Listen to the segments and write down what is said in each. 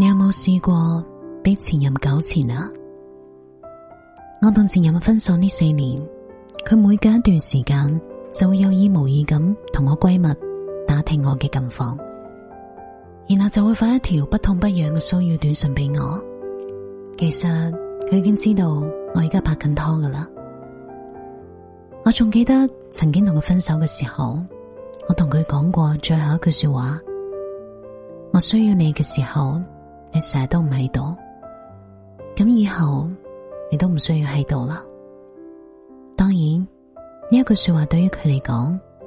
你有冇試過俾前任糾纏啊？我同前任分手呢四年，佢每隔一段時間就會有意無意咁同我閨蜜打聽我嘅近況，然後就會發一條不痛不癢嘅騷擾短信俾我。其實佢已經知道我而家拍緊拖噶啦。我仲記得曾經同佢分手嘅時候，我同佢講過最後一句說話：我需要你嘅時候。你成日都唔喺度，咁以後你都唔需要喺度啦。當然呢一句說話對於佢嚟講，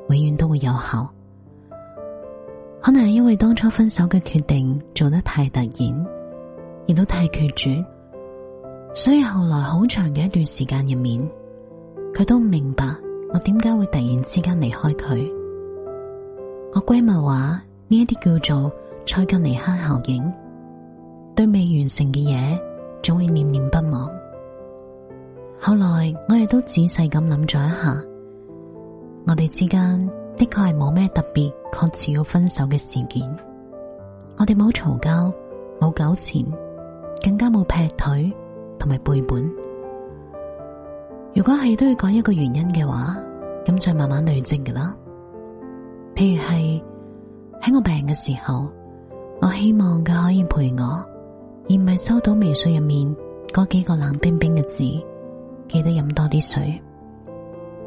永遠都會有效。可能係因為當初分手嘅決定做得太突然，亦都太決絕，所以後來好長嘅一段時間入面，佢都唔明白我點解會突然之間離開佢。我閨蜜話呢一啲叫做蔡格尼克效應。對未完成嘅嘢，總會念念不忘。後來我亦都仔細咁諗咗一下，我哋之間的確係冇咩特別，確切要分手嘅事件。我哋冇嘈交，冇糾纏，更加冇劈腿同埋背叛。如果係都要講一個原因嘅話，咁就慢慢累積㗎啦。譬如係喺我病嘅時候，我希望佢可以陪我。而唔係收到微信入面嗰幾個冷冰冰嘅字，記得飲多啲水。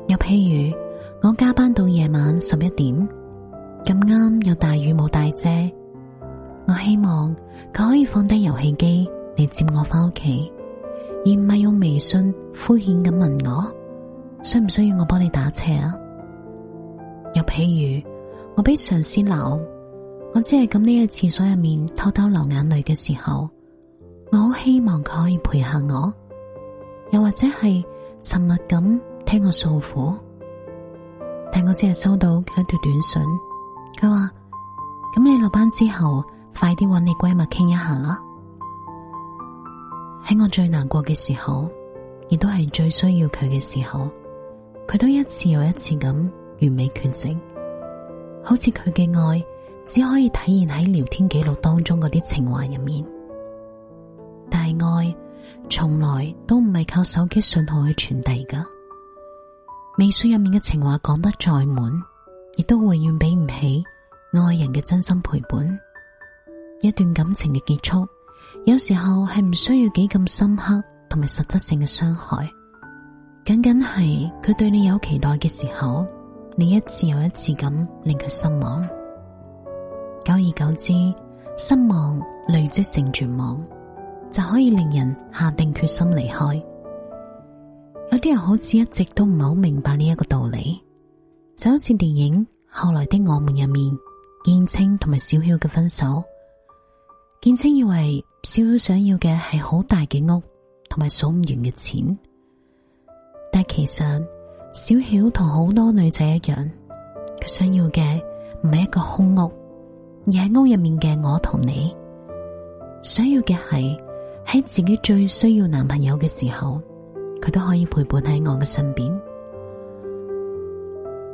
又譬如我加班到夜晚十一點，咁啱有大雨冇帶遮，我希望佢可以放低遊戲機嚟接我返屋企，而唔係用微信敷衍咁問我需唔需要我幫你打車啊？又譬如我俾上司鬧，我只係咁呢個廁所入面偷偷流眼淚嘅時候。我好希望佢可以陪下我，又或者係沉默咁聽我訴苦，但我只係收到佢一條短信，佢話：咁你落班之後快啲揾你閨蜜傾一下啦。喺我最難過嘅時候，亦都係最需要佢嘅時候，佢都一次又一次咁完美詮釋，好似佢嘅愛只可以體現喺聊天記錄當中嗰啲情懷入面。愛從來都唔係靠手機信號去傳遞噶，微信入面嘅情話講得再滿，亦都永遠比唔起愛人嘅真心陪伴。一段感情嘅結束，有時候係唔需要幾咁深刻同埋實質性嘅傷害，僅僅係佢對你有期待嘅時候，你一次又一次咁令佢失望，久而久之，失望累積成絕望，就可以令人下定決心離開。有啲人好似一直都唔係好明白呢一個道理，就好似電影後來的我們入面，見清同埋小曉嘅分手。見清以為小曉想要嘅係好大嘅屋同埋數唔完嘅錢，但其實小曉同好多女仔一樣，佢想要嘅唔係一個空屋，而係屋入面嘅我同你。想要嘅係。喺自己最需要男朋友嘅時候，佢都可以陪伴喺我嘅身邊。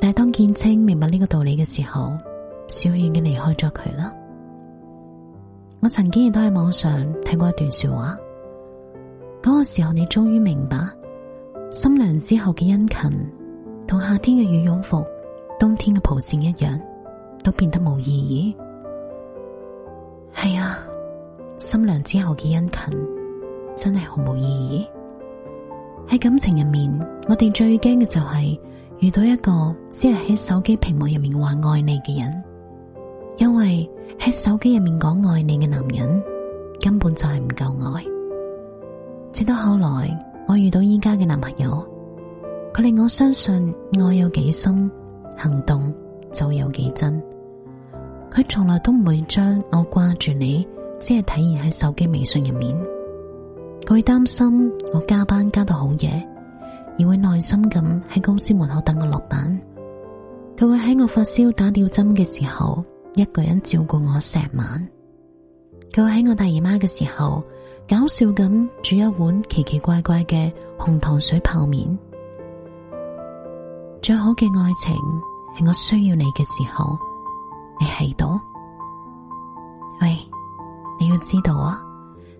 但係當見清明白呢個道理嘅時候，小燕已經離開咗佢啦。我曾經亦都喺網上睇過一段說話，嗰個時候你終於明白，心涼之後嘅殷勤，同夏天嘅羽絨服、冬天嘅蒲扇一樣，都變得冇意義。係啊。心涼之後嘅殷勤真係毫無意義。喺感情入面，我哋最驚嘅就係遇到一個只係喺手機屏幕入面話愛你嘅人，因為喺手機入面講愛你嘅男人根本就係唔夠愛。直到後來，我遇到依家嘅男朋友，佢令我相信愛有幾深，行動就有幾真。佢從來都唔會將我掛住你。只係體現喺手機微信入面，佢會擔心我加班加到好夜，而會耐心咁喺公司門口等我落班。佢會喺我發燒打吊針嘅時候，一個人照顧我成晚。佢會喺我大姨媽嘅時候，搞笑咁煮一碗奇奇怪怪嘅紅糖水泡麵。最好嘅愛情係我需要你嘅時候，你喺度。知道啊，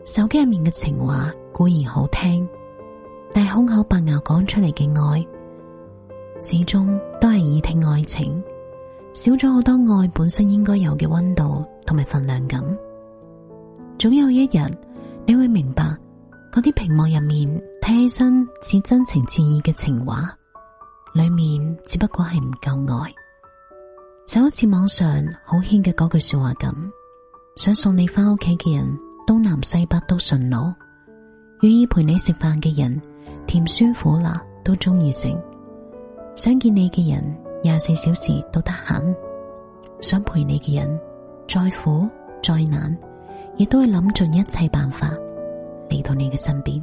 手機入面嘅情話固然好聽，但係空口白牙講出嚟嘅愛，始終都係耳聽愛情，少咗好多愛本身應該有嘅温度同埋份量感。總有一日你會明白，嗰啲屏幕入面睇起身似真情摯意嘅情話，裏面只不過係唔夠愛，就好似網上好興嘅嗰句說話咁。想送你翻屋企嘅人，東南西北都順路；願意陪你食飯嘅人，甜酸苦辣都中意食；想見你嘅人，廿四小時都得閒；想陪你嘅人，再苦再難，亦都會諗盡一切辦法嚟到你嘅身邊。